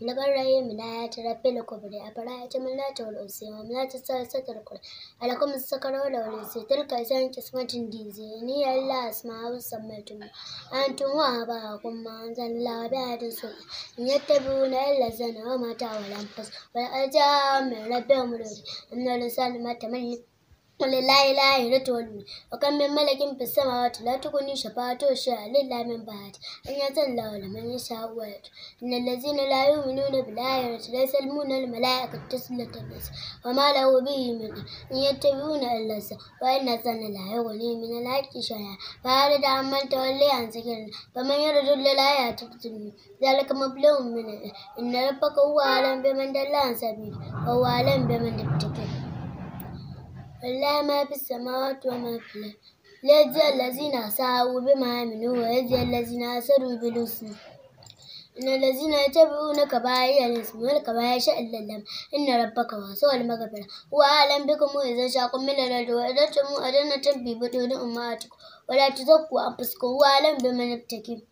na barayi mu na ya tara fela kubri a fara ya tamar na tawar ose wa na ta sa sa tarkur alakum sa karo da wani sai tarka san kismatin dizi ni ya la asma abu samar tumu an tun wa ba ma zan labi a da su in ya tabi na ya la zana wa mata wa lampas wa aja mai rabbi amurori in na lusa mata mai lillahi lahi na tuwannu a kan min malakin fisama wata na tukuni shafato shi a lillahi min ba hati an yi zan lawala man yi shawuwa ya tu na lazi na layu mu nuna bilayi na tulai salmu na lumalaya ka ta suna ta nasa wa ma lawu bi yi mini in yi ta biyu na allasa wa yi na zan na layu wa ne mini na ki shaya ba hada da an manta wale a cikin na ba man yi rajin lalaya a ta tutun ne za ka kama bilayi mini in na rafa kowa lambe man dalla a sabi kowa lambe man da ولله ما في السماوات وما في الأرض ليجزي الذين أساءوا بما عملوا ويجزي الذين أسروا بالحسنى إن الذين يتبعون كبائر الإثم والكبائر إلا اللهم إن ربك واسع المغفرة هو أعلم بكم وإذا شاقوا من الأرض وأذنتم أذنة في بطون أمهاتكم ولا تزكوا أنفسكم هو أعلم بمن يتقي